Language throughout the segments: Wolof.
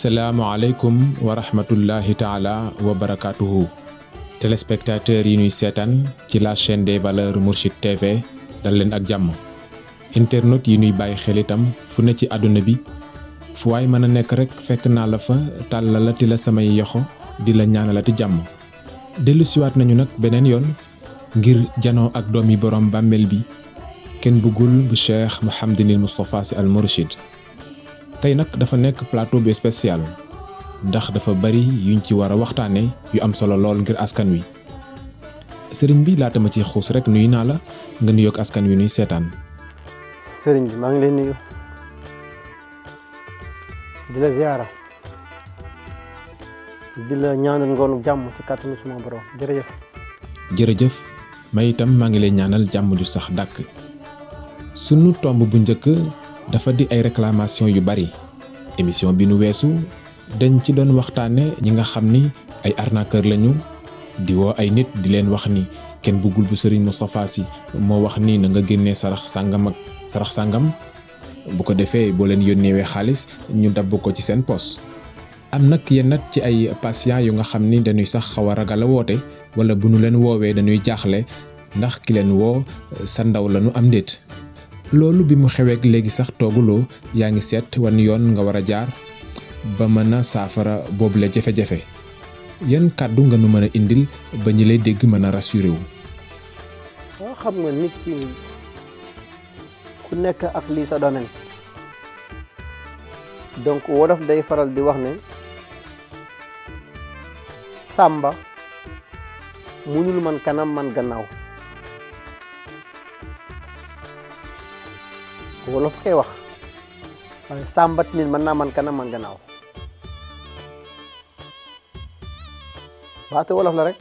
asalaamualeykum wa rahmatullahi taala wa barakaatuhu téléspectateurs yi ñuy seetaan ci la chaîne des valeurs Mourchid TV dal leen ak jàmm internautes yi ñuy bàyyi xel itam fu ne ci àdduna bi fu waay mën a nekk rek fekk naa la fa tàllalati la samay yoxo di la ñaanalati jàmm dellusiwaat nañu nag beneen yoon ngir janoo ak doomi borom bàmmeel bi kenn bëggul bu cheikh Mouhamadinil Moustapha Sy Al Mourchid tey nag dafa nekk plateau bi special ndax dafa bari yuñ ci war a waxtaane yu am solo lool ngir askan wi sëriñ bi laata ma ci xuus rek nuy naa la nga nuyoog askan wi nuy seetaan. sëriñ bi maa ngi leen nuyu di la ziara di la ñaanal jàmm jërëjëf. jërëjëf itam maa ngi lay ñaanal jàmm ju sax dàkk sunu tomb bu njëkk. dafa di ay réclamation yu bari émission bi nu wessu dañ ci doon waxtane ñi nga xamni ay arnaqueur lañu di wo ay nit di leen wax ni ken bugul bu serigne mustapha si mo wax ni na nga genné sarax sangam ak sarax sangam bu ko défé bo leen yónneewee xaliss ñu dabb ko ci sen poste am ci ay patient yu nga xamni dañuy sax xawa ragal wala bu nu leen woowee dañuy jaxlé ndax ki leen wo sa ndaw lañu am loolu bi mu xeweek léegi sax tooguloo yaa ngi seet wan yoon nga war a jaar ba mën a saafara boobule jafe-jafe yan kàddu nga nu mën a indil ba ñu lay dégg mën a rassuré wu. boo xam nga nit ki ku nekk ak lii sa domaine donc wolof day faral di wax ne sàmba munul man kanam man gannaaw. wolof koy wax waaye sàmbat nit mën na man kanam man gannaaw baatu wolof la rek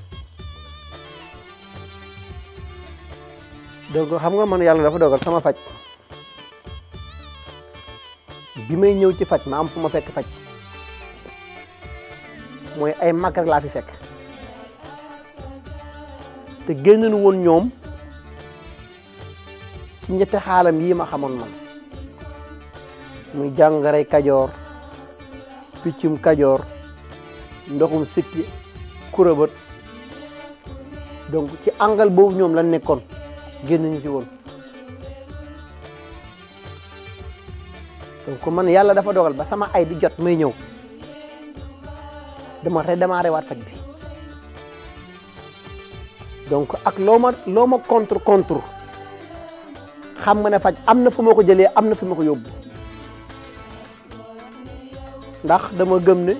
donc xam nga man yàlla dafa dogal sama faj bi may ñëw ci faj ma am fu ma fekk faj mooy ay mag laa fi fekk te génn nu ñoom ci ñetti xaalam yi ma xamoon man muy jàngaray kajoor piccum kajoor ndoxum sikki kurabët donc ci angal boobu ñoom la nekkoon génn ñu ci woon donc man yàlla dafa dogal ba sama ay di jot may ñëw dama redémarré waat faj bi donc ak looma looma contre contre xam nga ne faj am na fu ma ko jëlee am na fu ma ko yóbbu ndax dama gëm ne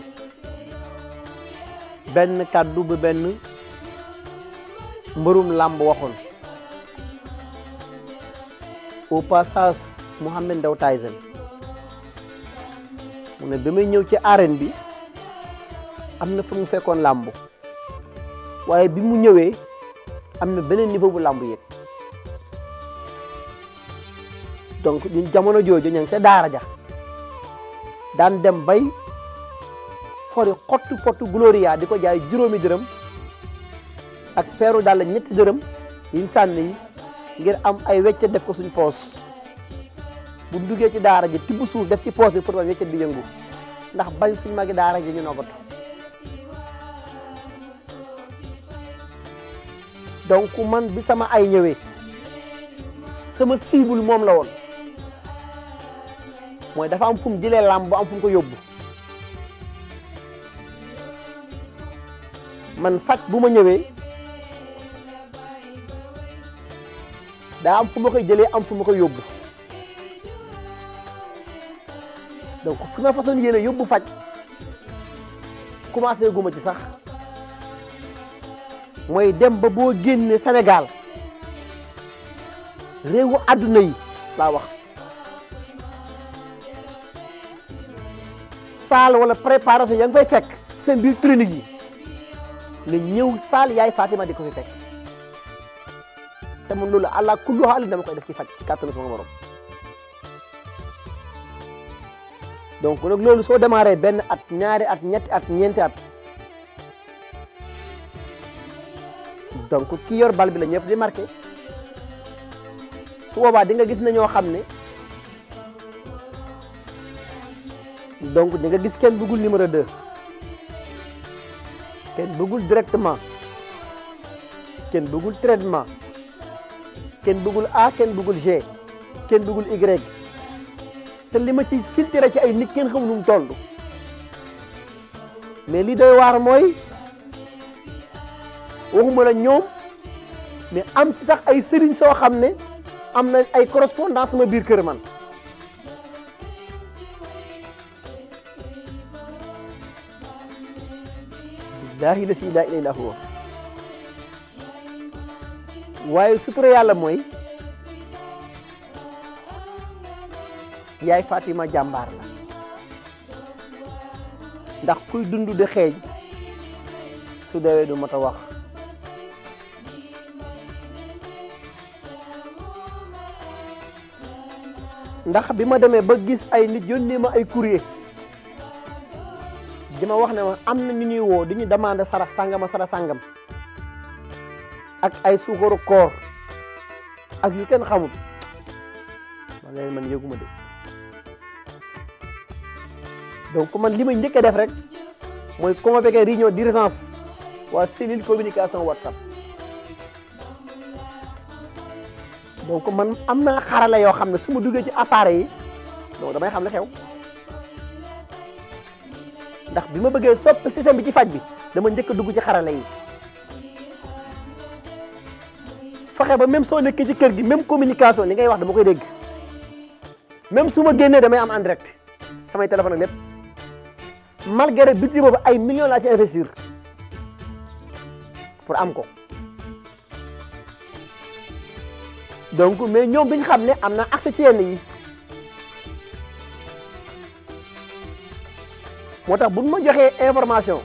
benn kàddu bu benn mbërum làmb waxoon au passage Mouhamed Ndao Tyson mu ne damay ñëw ci arène bi am na fu mu fekkoon làmb waaye bi mu ñëwee am na beneen niveau bu làmb yëpp donc ñun jamono jojo ñang ca dara ja dan dem bay fori xottu potu gloria diko jaay juróomi deureum ak peeru dal ñet deureum yiñ sànn yi ngir am ay wéccé def ko suñu poos bu duggé ci dara ji tibbu suuf def ci poos pour ba wéccé bi yëngu ndax bañ suñu magi dara ji ñu nogot donc man bi sama ay ñëwé sama cible mom la won mooy dafa am fu mu jëlee làmb am fu mu ko yóbbu man faj bu ma ñëwee daa am fu ma koy jëlee am fu ma koy yóbbu donc su ma façon yéene yóbbu faj commencé guma ci sax mooy dem ba boo génnee Sénégal réewu àdduna yi laa wax salle wala préparation yaa ngi fay fekk seen biir clinique yi la ñëw yaay Fatima di ko fi fekk te man loolu allah kulli xaalis dama koy def ci faj ci kàttanu sama borom donc nag loolu soo démarré benn at ñaari at ñetti at ñeenti at donc ki yor bal bi la ñëpp di marqué su boobaa di nga gis na ñoo xam ni donc di nga gis kenn bëggul numéro 2 kenn bëggul directement kenn bëggul traitement kenn bëggul A kenn bëggul G kenn bëggul Y te li ma ci filtré ci ay nit kenn xamul nu mu toll mais li doy waar mooy waxuma la ñoom mais am ci sax ay sëriñ soo xam ne am na ay correspondance sama biir kër man. laahi la si ilaa ilay huwa waaye sutura yàlla mooy Fatima jambar la ndax kuy dund de xej su dewe du mata wax ndax bima deme ba gis ay nit yónnee ma ay courrier di ma wax ne ma am na ñu ñuy woo di ñu demander sarax sàngama sarax sàngam ak ay suukaru koor ak yu kenn xamul man leen man yëguma de man li ma njëkk a def rek mooy convoquer réunion d'urgence waa cellule communication whatsapp donc man am naa xarala yoo xam ne su ma duggee ci appareil yi donc damay xam la xew ndax bi ma bëggee sopp système bi ci faj bi dama njëkk a dugg ci xarala yi fexe ba même soo nekkee ci kër gi même communication li ngay wax dama koy dégg même su ma génnee damay am en direct samay téléphone ak lépp malgré budget boobu ay millions laa ci investir pour am ko donc mais ñoom bi ñu xam ne am na accès ci yenn yi. moo tax bu ma joxee information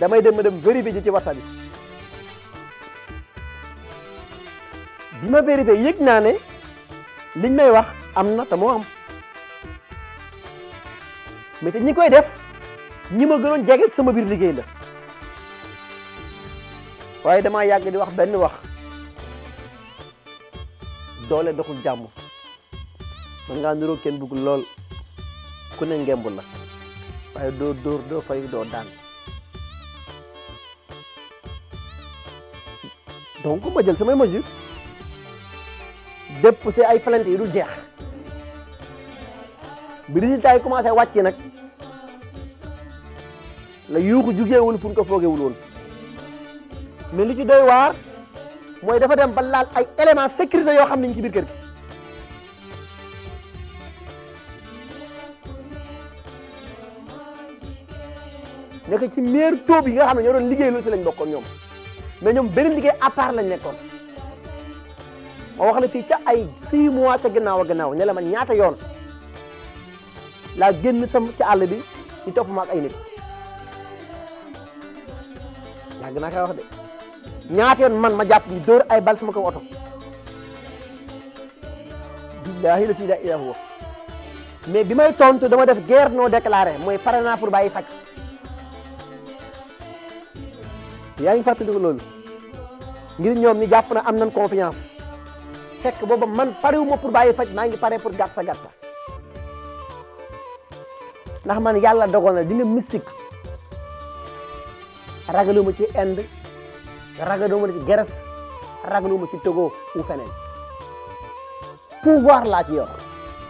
damay dem ma dem vérifier ji ci whatsapp bi bi ma vérifier yëg naa ne liñ may wax am na te moo am mais ñi koy def ñi ma gënoon jege sama biir liggéey la waaye damaa yàgg di wax benn wax doole doxul jàmm man ngaa niroo kenn bëggul lool ku ne ngembul la waaye doo dóor doo fay doo daan donc ma jël samay mesures déposé ay plainte yi dul jeex bi résultat yi commencé wàcc nag la yuuxu jugeewul fu ñu ko foogewul woon mais li ci doy waar mooy dafa dem ba laal ay éléments sécurité yoo xam ne ñu ci biir kër gi nek ci mère taux yi nga xam ne ñoo doon liggéey lu ci lañ bokkoon ñom mais ñom beneen liggéey à part lañ nekkon ma wax la fii ci ay 6 mois ta gënaaw gënaaw gannaaw ne la ma ñaata yoon la génn sam ci all bi ci top ma ak ay nit la gëna ka wax de ñaata yoon man ma japp ni door ay bal sama ko auto billahi la fii daa ilaa mais bi may tontu dama def guerre non déclarer moy parana pour bàyyi fakk yaa ngi fàttaliku loolu ngir ñoom ñu jàpp na am nañ confiance fekk booba man parewuma pour bàyyi faj maa ngi pare pour gàtta gàtta ndax man yàlla dogal na di nga mystique ragaluma ci ind Inde ragaluma ci Grèce ragaluma ci Togo ou feneen pouvoir laa ci yor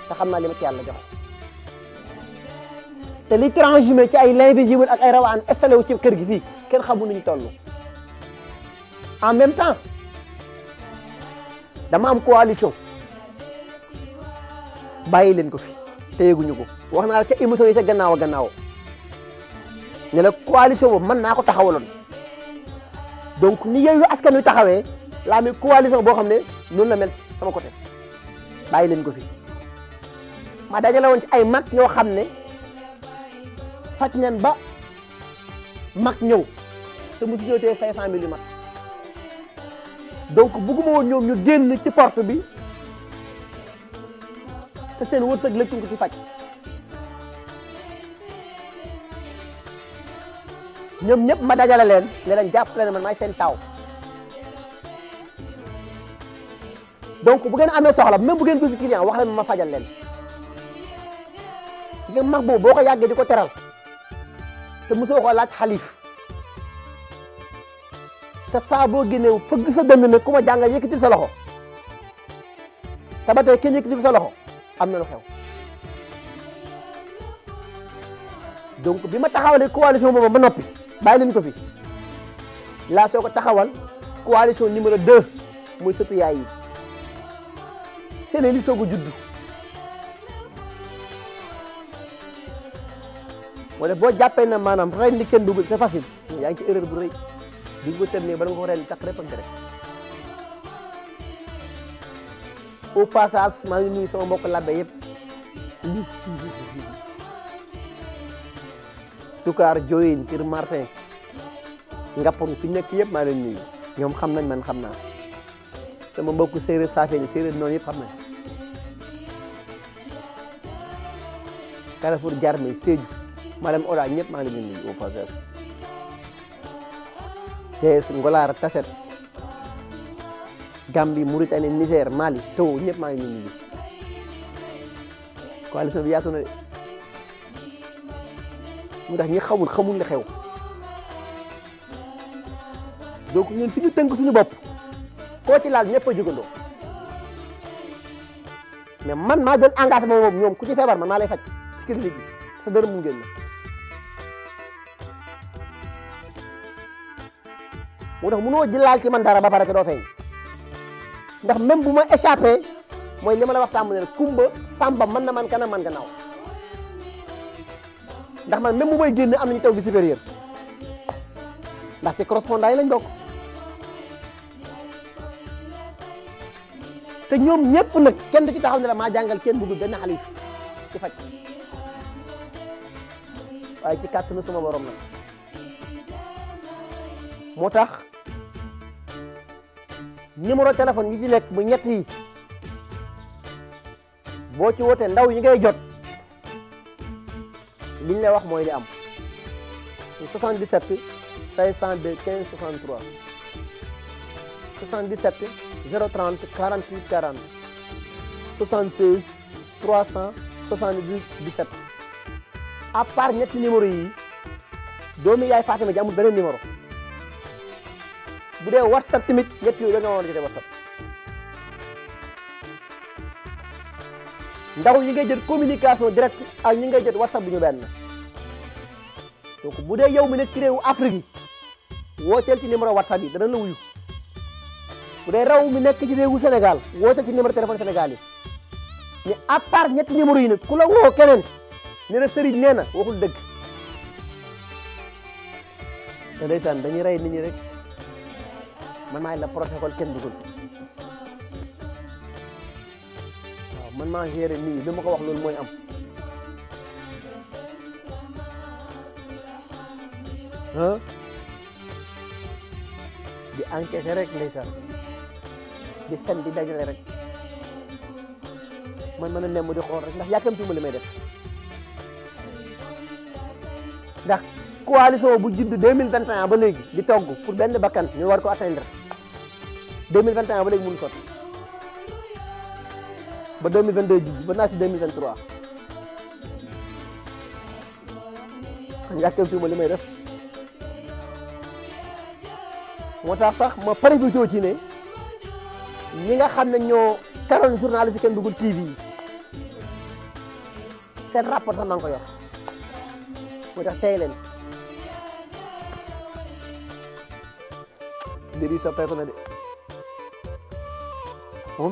te xam naa li ma ci yàlla jox te li transhumé ci ay ji ak ay rawaan installé wu ci kër gi fii kenn xamu nuñ toll en même temps dama am coalition bàyyi leen ko fi te yëguñu ko wax naa la ca émission yi sa gannaaw a gannaaw ne coalition boobu mën naa ko taxawaloon donc ni yooyu askan wi taxawee laa mi coalition boo xam ne noonu la mel sama côté bàyyi leen ko fi ma dajale woon ci ay mag ñoo xam ne faj nañ ba mag ñëw te mu si jotee cinq cent mille yu mat donc bugguma ñoom ñu génn ci port bi te seen sa lëkkuñ ko ci faj ñoom ñëpp ma dajale leen ne leen jàpp leen man maay seen taaw donc bu ngeen amee soxla même bu ngeen gisu client wax leen ma fajal leen nga mag boobu boo ko yàggee di ko teral te mosoo ko laaj xalif te saa boo génneew fëgg sa dënn ne ku ma jàngal yëkkati sa loxo te ba tey kenn yëkkati sa loxo am na lu xew donc bi ma taxawalee coalition boobu ba noppi bàyyi leen ko fi laa soo ko taxawal coalition numéro 2 muy sëtu yaay yi seen li soog a judd boo jàppee na maanaam ren ni kenn du c'est facile yaa ngi ci erreur bu rëy. bi nga ko tënnee bala nga ko reen takk rek ak maa ngi nuyu sama mbokk labbe yëpp Toucar Diohine Kër Martin Ngappong fi nekk yëpp maa leen ni ñoom xam nañ man xam na sama mbokk séeréer saafeen séeréer noonu na xam nañ Carrefour Diarmé Sédhiou madame Oda ñëpp maa leen nuyu au te Ngolaar Taset Gambie Mauritanie Niger Mali Togo ñëpp maa ngi nuyu coalition bi yaatu na de mu tax ñi xamul xamul li xew donc ñun fi ñu tënk suñu bopp koo ci laal ñëpp a jugandoo mais man maa jël engagement boobu ñoom ku ci feebar man maa lay faj ci clinique sa dërëm mu génn. moo tax mënoo jëlaal ci man dara ba pare te doo feeñ ndax même bu ma échappé mooy li ma la wax sàmm ne kumba sàmba mën na man kanam man gannaaw ndax man même bu may génn am nañu taw bi supérieur ndax te correspondant yi lañ bokk te ñoom ñëpp na kenn du ci taxaw ne la maa jàngal kenn bëggul benn xalif ci faj waaye ci kàttanu sama borom nag moo tax numéro téléphone yi ci nekk bu ñetti yi boo ci wootee ndaw yi ngay jot li lay wax mooy li am 77 502 15 63 77 030 48 40 76 378 17 à part ñetti numéro yi doomi yaay Fatima ji amul beneen numéro bu dee whatsapp tamit ñett yooyu da nga war a jotee whatsapp ndax yi ngay jot communication direct ak ñi ngay jot whatsapp bu ñu benn donc bu yow mi nekk ci réewu Afrique yi ci numéro whatsapp yi dana la wuyu bu dee raw mi nekk ci réewu Sénégal wooteel ci numéro téléphone Sénégal yi mais à part ñetti numéro yi nag ku la woo keneen nee na sëriñ nee na waxul dëgg te ndeysaan dañuy rey nit ñi rek man may la protocole ken dugul man ma géré ni luma ko wax loolu moy am ah di encaissé rek ndeysaan di fen di dajale rek man mën a di xor rek ndax yakam ma li may def ndax koalisyon bu judd 2021 ba léegi di togg pour benn bakkan ñu war ko atteindre 2021 ba légui mënu sot ba 2022 jigi ba ci 2023 kon yakel tuma limay def tax sax ma pare bi ci ne ñi nga xamne ñoo teral journaliste ken dugul tv sen rapport sax nang ko yor motax tay len début sa pay ko na de Ah.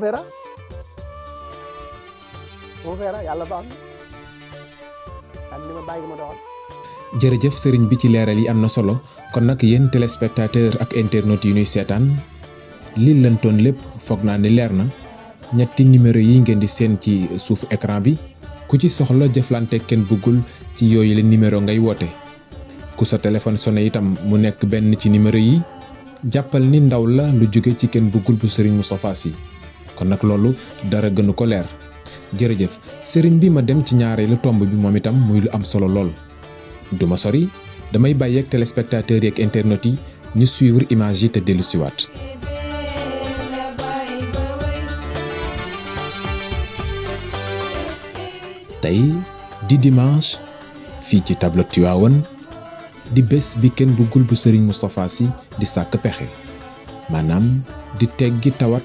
Ah, on jërëjëf sëriñ bi ci leeral yi am na solo kon nag yéen téléspectateur ak internet yi ñuy seetaan li lentoon lépp foog naa ni leer na ñetti numéro yi ngeen di seen ci suufu écran bi ku ci soxla jëflante kenn bëggul ci yooyu la numéro ngay woote ku sa téléphone sonné itam mu nekk benn ci numéro yi jàppal ni ndaw la lu jóge ci kenn bëggul bu sëriñ Moustapha Sy kon nak darah dara gënu ko leer jërëjëf sëriñ bi ma dem ci ñaareelu tombe bi mom itam muy lu am solo lol duma sori damay bàyyi ak téléspectateurs yi ak internet yi ñu suivre image yi te ci wat tay di dimanche fi ci tu awon di bes bi kenn bëggul bu Serigne mustapha si di sak pexe manam di teggi tawat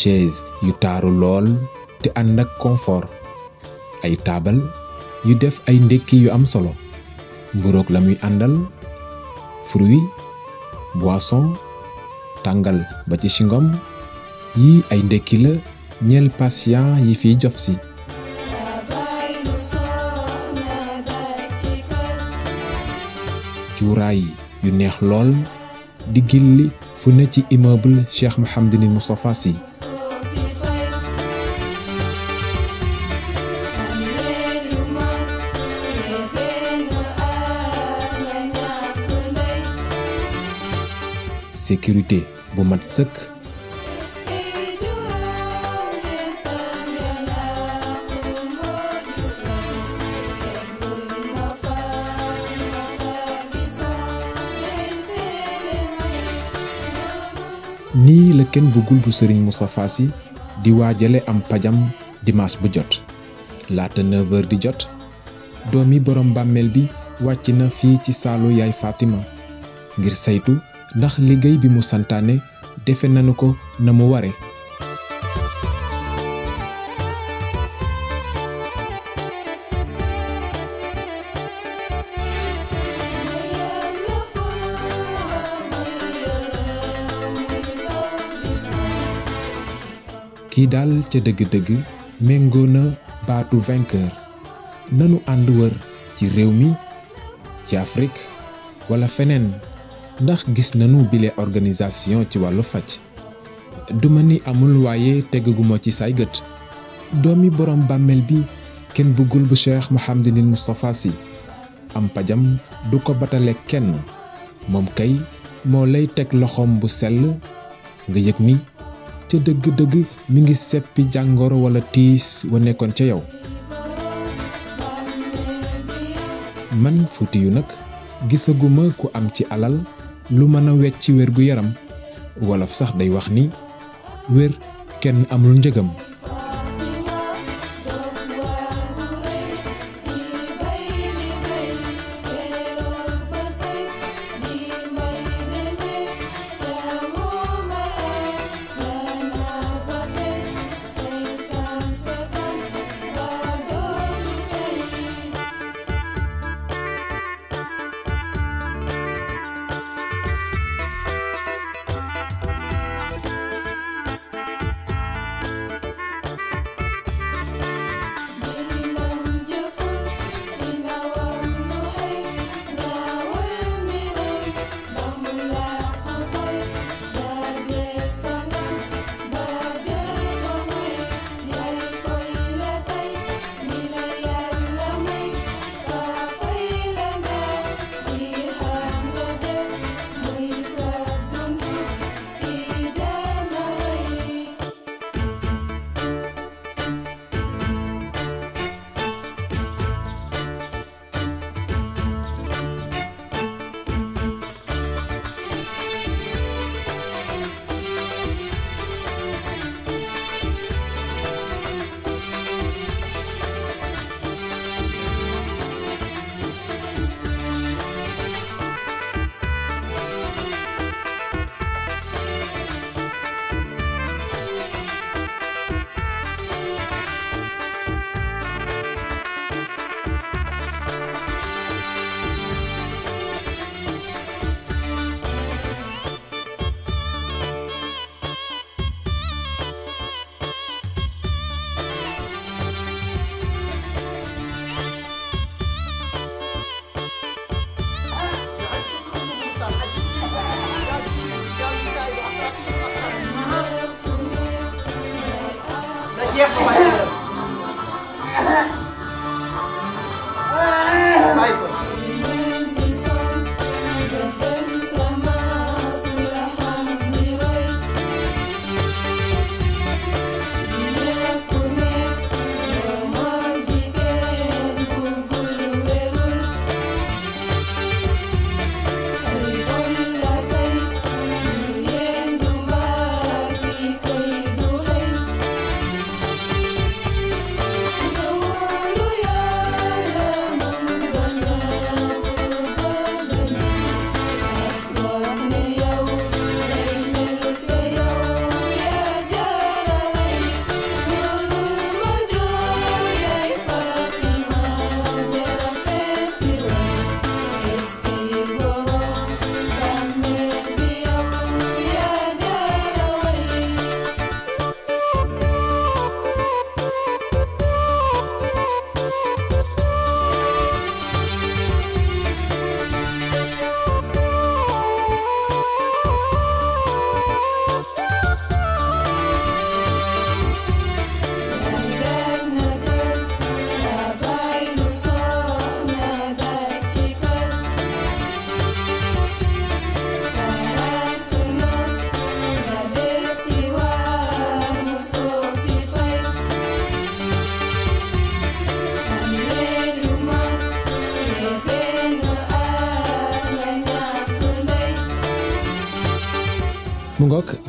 chaise yu taaru lool te ànd ak confort ay taabal yu def ay ndékki yu am solo mburoog la muy àndal fruit boisson tàngal ba ci singom yi ay ndékki la ñeel patient yi fiy jof si cuuraay yu neex lool di gilli fu ne ci immeuble Cheikh Mouhamadinil Moustapha Sy sécurité bu mat ni nii la kenn bëggul bu serigne Moustapha di wajale am pajam dimanche bu jot laata 9h di jot domi borom bammel bi wacc na fi ci salu Fatima ngir saytu ndax liggéey bi mu santaane defe nanu ko na mu ware kii daal ca dëgg-dëgg méngoo na baatu vainqueur nanu ànd wër ci réew mi ci Afrique wala feneen ndax gis nañu bile organisation ci wàllu faj du ma ni amul waaye tegguma ci say gët doomi borom bàmmeel bi kenn bëggul bu Cheikh Mouhamadinil Moustapha Sy am pajam du ko batale kenn moom kay moo lay teg loxoom bu sell nga yëg ni ca dëgg-dëgg mi ngi seppi jàngoro wala tiis wa nekkoon ca yow man fuuti yu nag gisaguma ku am ci alal lu mën a wecc ci wér gu yaram wolof sax day wax ni wér kenn amul njëgam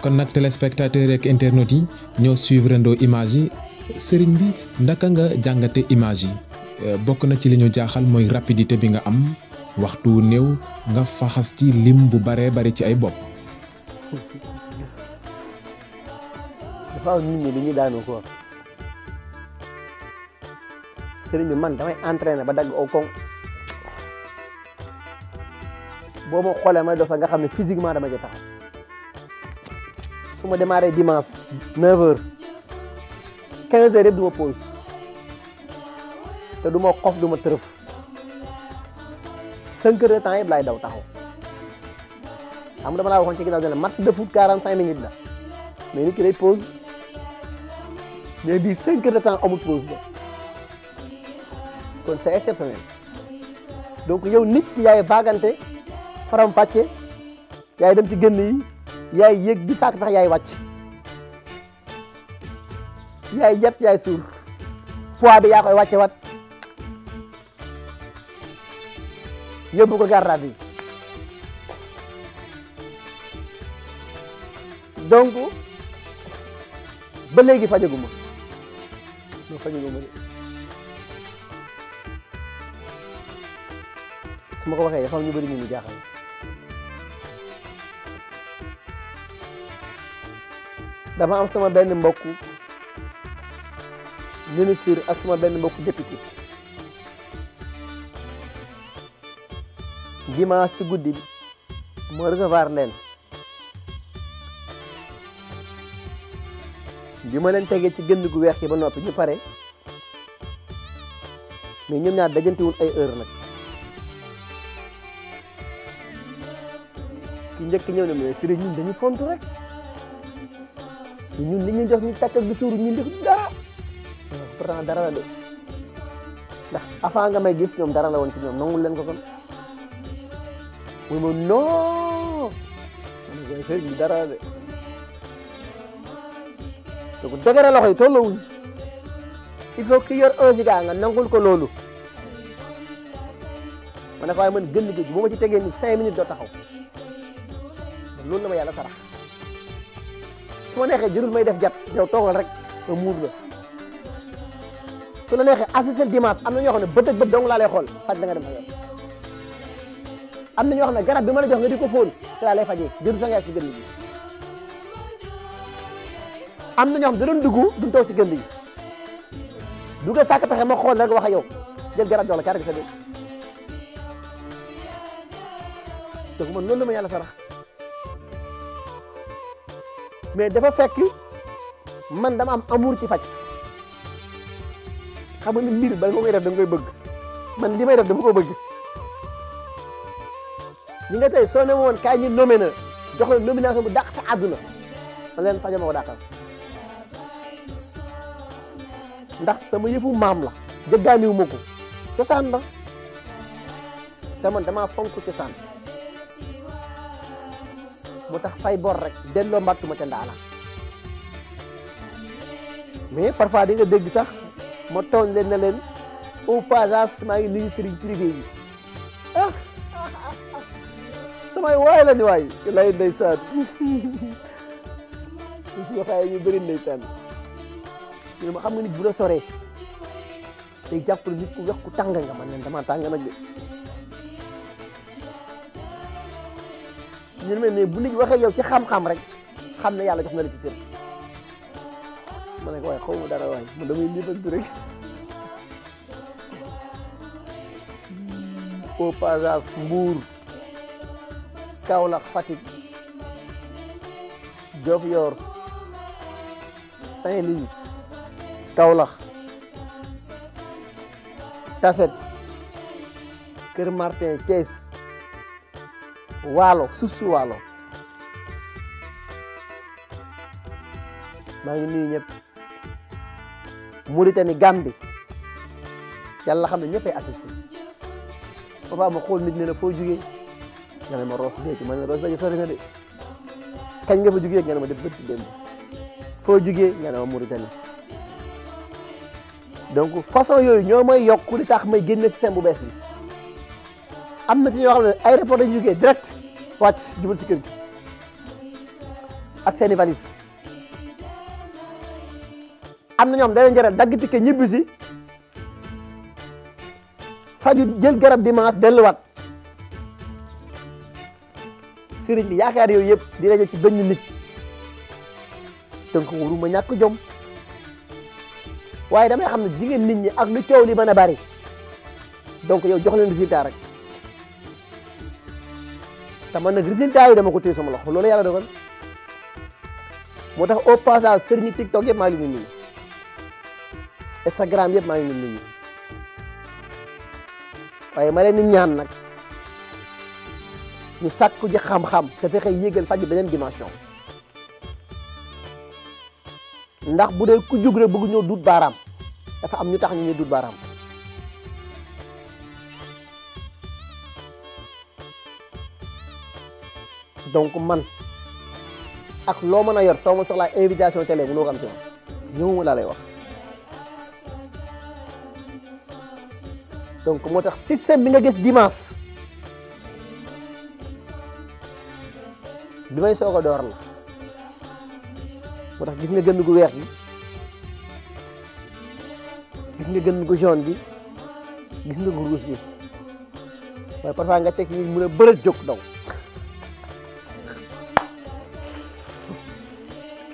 kon nag téléspectateur ak internet yi ñoo suivre ndoo image yi sëriñ bi ndaka nga jàngate image yi euh, bokk na ci li ñu jaaxal mooy rapidité bi nga am waxtu néew nga faxas ci lim bu baree bari ci ay bopp. dafa am nit sëriñ bi man damay entraîné ba dagg au kong boo ma xoolee may dox nga xam ne physiquement dama ci taxaw. su ma démarré dimanche 9h 15h yëpp du ma pause te du ma xof du ma tërëf 5 heures temps yëpp laay daw taxaw xam dama laa waxoon ci ginnaaw dina match de foot la mais nit ki day pause mais bii 5 heures temps amul pause ba kon c'est exceptionnel donc yow nit ki yaay vaagante faram-fàcce yaay dem ci génn yi. yaay yéeg di saak tax yaay wàcc yaay jàpp suur poids bi yaa koy wàcce wat yóbbu ko garra bi donc ba léegi fajaguma ma de su ko waxee dafa am ñu bëri ñu mu dama am sama benn mbokk ministre ak sama benn mbokk député dimanche ci guddi bi ma recevoir leen bi ma leen tegee ci gënn gu weex yi ba noppi ñu pare mais ñoom ñaar wul ay heure nag ki njëkk ñëw na mais sëriñ ñun dañu fontu rek ñun li ñuy def ñu tàkkal bi suuru ñun def dara de ndax avant nga may gis ñoom dara la woon ci ñoom nangul leen ko kon muy ma non man sëriñ dara la de donc dëgëra loxo yi tolluwuñ il faut que yor un giga nga nangul ko loolu ma ne man gën liggéey bu ma ci tegee ni cinq minutes doo taxaw loolu la ma yàlla sarax su ma neexee jërul may def jat yow togal rek ma muur la su la neexee assistel dimanche amna ñoo xam ne ak bët dong la lay xol fa da nga dem sa yoon ñoo xam garab bi ma la jox nga diko fon la lay fajee jërul sa nga ci gënd bi amna ñoo xam da doon duggu du toog ci gënd bi du nga sàkk pexe ma xol rek wax yow jël garab jox la caa rek sa dé donc man loolu la ma yàlla sarax mais dafa fekk man dama am amour ci faj xam nga ni mbir bala nga koy def da nga koy bëgg man li may def dama ko bëgg ñi nga tey soo ne woon kaay ñu nommé na jox la nomination bu dàq sa àdduna man leen fajama ko dàqal ndax sama yëfu maam la jëggaaniwu ma ko cosaan la te man damaa fonk cosaan motax fay bor rek delo mbàttuma ca ndala mais parfois di nga deg sax mo tooñ len na leen au passage maa ngi nuyu sëriñ privé yi ah samay way la ni way lay ci suñu waxaay ñu bëri ndeysaan ñu ma xam nga nit bu la soree day japp nit ku wax ku tàng nga man leen dama tàng nak ñu ne mais bu nit waxee yow ci xam-xam rek xam ne yàlla jox na la ci cër ma ne ko waaye xaw ma dara waaye man Kër Martin Thiès walo susu walo maa nah, ngi nuyu ñep Mauritanie gambi yalla xam ñep ay assisté papa ma xol nit ne la foo jugee nga ne ma Ross Béthio ma ne Ross Béthio sori na de kañ nga fa jugee nga ne ma def bëtt dem fo foo jugee nga ne ma Mauritanie donc façon yoy ñomay may li tax may génne système bu bees bi ci yo xamne aéroport dañu jugee direct wàcc jubal ci kër ak seeni valise am na ñoom da leen jaral dagg ticket ñibbi si faju jël garab dimanche delluwaat sëriñ bi yaakaar yooyu yëpp di rajo ci benn nit donc waruma ñàkk jom waaye damay xam ne jigéen nit ñi ak lu coow li mën a bari donc yow jox leen résultat rek sama nag résultat yi dama ko sama loxo loolu yàlla dogal moo tax au passage sëriñu TikTok yëpp maa ngi leen di nuyu Instagram yëpp maa ngi leen di nuyu waaye ma leen di ñaan nag ñu sàkku ji xam-xam te fexe yéegal faj beneen dimension ndax bu dee ku jug rek bëgg ñoo dut baaraam dafa am ñu tax ñu baaraam. donc man ak loo mën a yor soo ma soxlaa invitation tele mënoo ko am ci man ñëwuma laa lay wax donc moo tax système bi nga gis dimanche bi may soog a door la gis nga gënn gu weex gi gis nga gënn gu jaune gi gis nga gu rouge gi waaye parfois nga teg ni mën a bërët jóg daw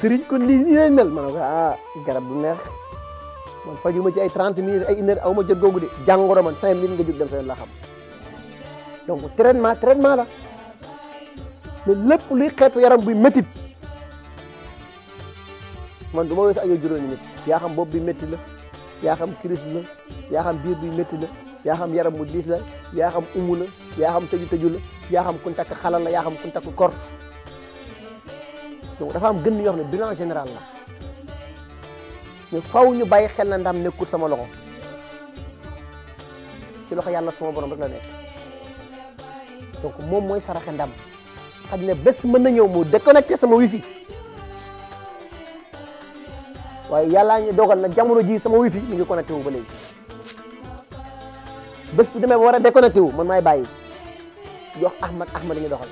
serigne ko ni nii mel man nga ah garab bu neex man fajuma ci ay 30 minutes ay 1 heure aw ma jot googu de jàngoro man 5 minutes nga jóg dem sa la xam donc traitement traitement la mais lepp luy xet yaram bu metti man duma wess ay ayo nit Ya xam bopp bi metti la ya xam christ la ya xam bir bi metti la ya xam yaram bu diis la Ya xam umu la ya xam teju teju la ya xam kun tak xalal la ya xam kun tak kor donc dafa am gën yoo xam ne bilan général la mais faw ñu bàyyi xel na ndam nekkul sama loxo ci loxo yàlla sama borom rek la nekk donc moom mooy saraxe ndam xaj na bés mën na ñëw mu déconnecté sama wifi waaye yàllaa ñu dogal na jamono ji sama wifi mi wu ba léegi bés bu demee ba war a déconnecté wu man maay bàyyi jox Ahmad Ahmad ñu doxal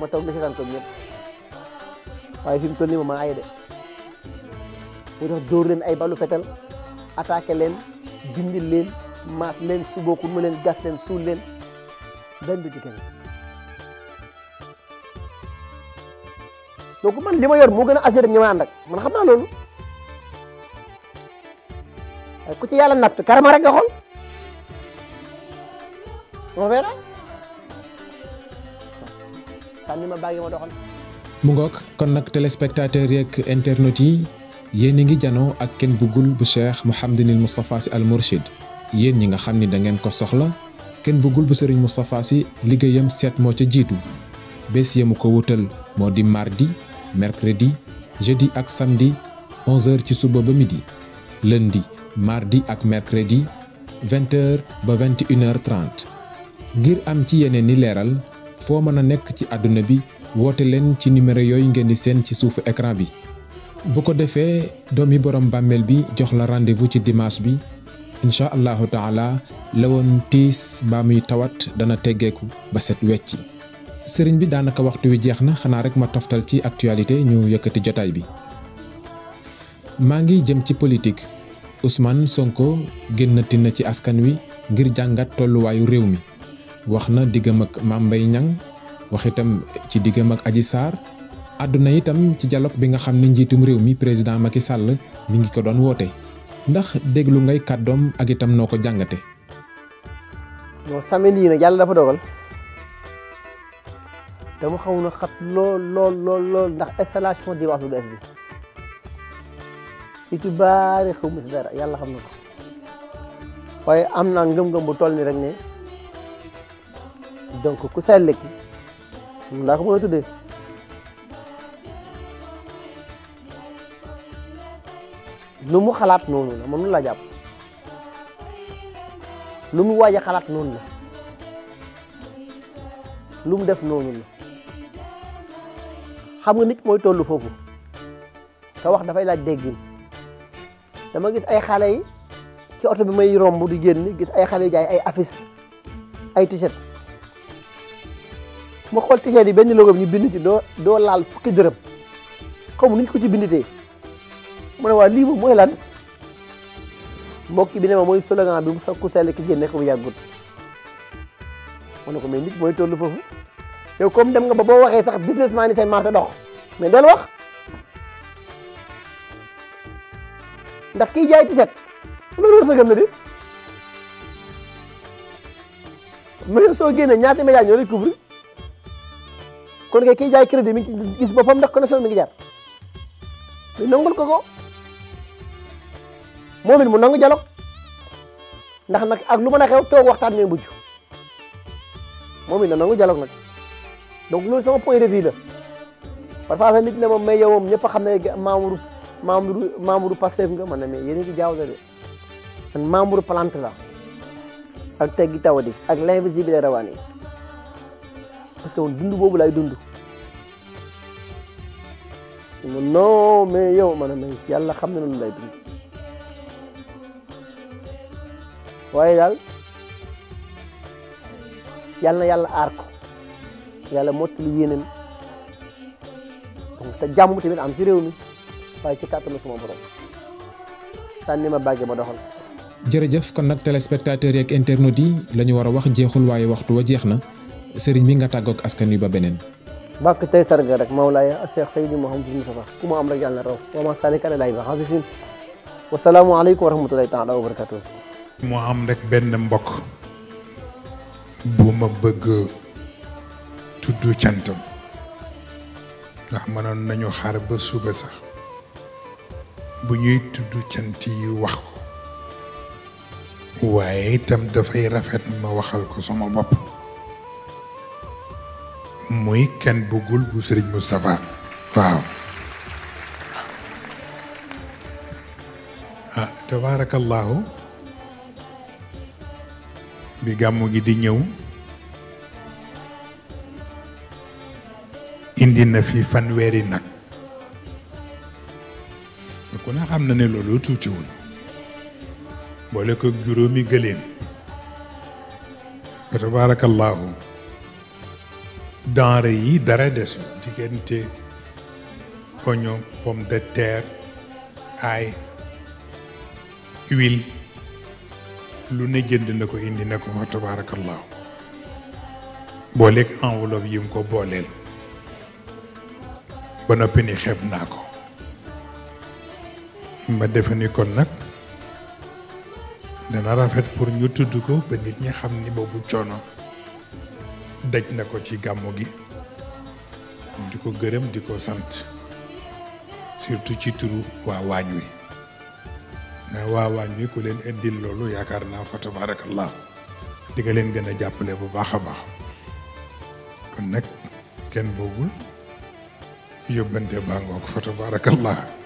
ma toog li si tànn ñëpp. waaye fi mu toll nii moom aaye de mu tax leen ay balu fetal attaqué leen dimbil leen maat leen subooku mu leen gas leen suul leen benn bi ci kenn donc man li ma yor moo gën a assuré ñi ma ànd ak man xam loolu ku ci yàlla natt karama rek nga xool on verra ma bàyyi ma doxal mu ngoog kon nak téléspectateur yek internet yi yéen ngi jano ak ken bugul bu cheikh mouhamadinil mustafa al Murshid. yen ñi nga xamni da ngeen ko soxla kenn bëggul bu serigne mustafa si ligeyam set mo ci jitu bes ko wutal mardi mercredi jeudi ak samedi 11h ci suba ba midi lundi mardi ak mercredi 20h ba 21h30 ngir am ci yeneen ni leeral ci aduna bi woote leen ci numéro yooyu ngeen di seen ci suufu écran bi bu ko defee doomi borom bàmmeel bi jox la rendez-vous ci dimanche bi incha allahu taala la woon tiis baa muy tawat dana teggeeku ba set wecci sëriñ bi daanaka waxtu wi jeex na xanaa rek ma toftal ci actualité ñu yëkkati jotaay bi maa ngi jëm ci politique Ousmane Sonko génnati na ci askan wi ngir jàngat tolluwaayu réew mi wax na diggam ak Mame Mbaye wax itam ci diggam ak aji sar aduna itam ci dialogue bi nga xamni njitum njiitum réew mi président Macky Sall mi ngi ko doon woote ndax déglu ngay kaddom ak itam noko ko no non samedi lii nag dafa dogal dama xawna xat lol lol lol lol ndax installation wax lu bi ci ci bari xumus dara yalla xamna ko waye amna ngëm bu toll rek ne donc ku daa ko mën a tuddee lu mu xalaat noonu la moom la jàpp lu mu waaj a xalaat noonu la lu mu def noonu la xam nga nit mooy tollu foofu te wax dafay laaj déggin dama gis ay xale yi ci oto bi may romb di génn gis ay xale yu jaay ay affiche ay t-shirt ma xool t-shirt yi benn logo bi ñu bind ci doo doo laal fukki dërëm xaw ma nu ñu ko ci binditee mu ne waa lii moom mooy lan mbokk bi ne ma mooy slogan bi mu sakku sell ki génne ko bu yàggut mu ne ko mais nit mooy tollu foofu yow comme dem nga ba boo waxee sax businessman yi seen marché dox mais del wax ndax kiy jaay t-shirt loolu war sa gëm la di mais soo génne ñaata média ñoo lay couvrir kon kay kiy jaay crédit mi ngi gis boppam ndax connexion mi ngi jar ñu ko ko moom it mu nangu dialogue ndax nag ak lu mën a xew toog waxtaan ñooy mujj moom it na nangu dialogue nag donc loolu sama point de vue la parfois sax nit ne moom mais yow moom ñëpp xam ne membre membre membre Pastef nga man ne mais jaaw a ngi jaawale de man membre plante la ak teggi tawa di ak l'invisible rawaan yi parce que woon dund boobu laay dund ma non yow ma yàlla xam na loolu lay dund waaye daal yàlla yàlla aar ko yàlla mottali yéeneen donc te jàmm tamit am ci réew mi waaye ci kàttanu sama borom sànni ma bàggee ma doxal. jërëjëf kon nag téléspectateurs yeeg internautes yi lañu war a wax jeexul waaye waxtu wa jeex na. serigne mi nga tagok askan yu ba beneen bàkk tey sarga rek mawlaaya cheikh sayyid mohammed moustapha ku ma am rek yàlla raw wa wama salik ala lay baxa bisin salamu alaykum wa rahmatullahi taala wa barakatuh mo am rek ben mbok buma beug tuddu tudd cantam ndax manon nañu xar ba suba sax bu ñuy tuddu cant yu wax ko waye tam da fay rafet ma waxal ko sama bop muy kenn bëggul bu sëriñ Moustapha waaw ah tabaarakallaahu bi gàmmu gi di ñëw indi na fi fanweeri nag ku na xam na ne loolu tuutiwul boole ko juróomi gëléen tabaarakallaahu denrée yi dara desul diggante oignon pomme de terre ail huile lu ne jënd na ko indi na ko ma tabaarakallaahu booleeg enveloppe yi mu ko booleel ba noppi ni xeeb naa ko ma defe ni kon nag dana rafet pour ñu tudd ko ba nit ñi xam ni boobu coono daj na ko ci gàmmu gi di ko gërëm di ko sant surtout ci turu waa waañ wi mais waa waañ wi ku leen indil loolu yaakaar naa fa tabarakallah diga leen gën a jàppale bu baax a baax kon nag kenn boobul yóbbante baa ngoog fa tabarakallah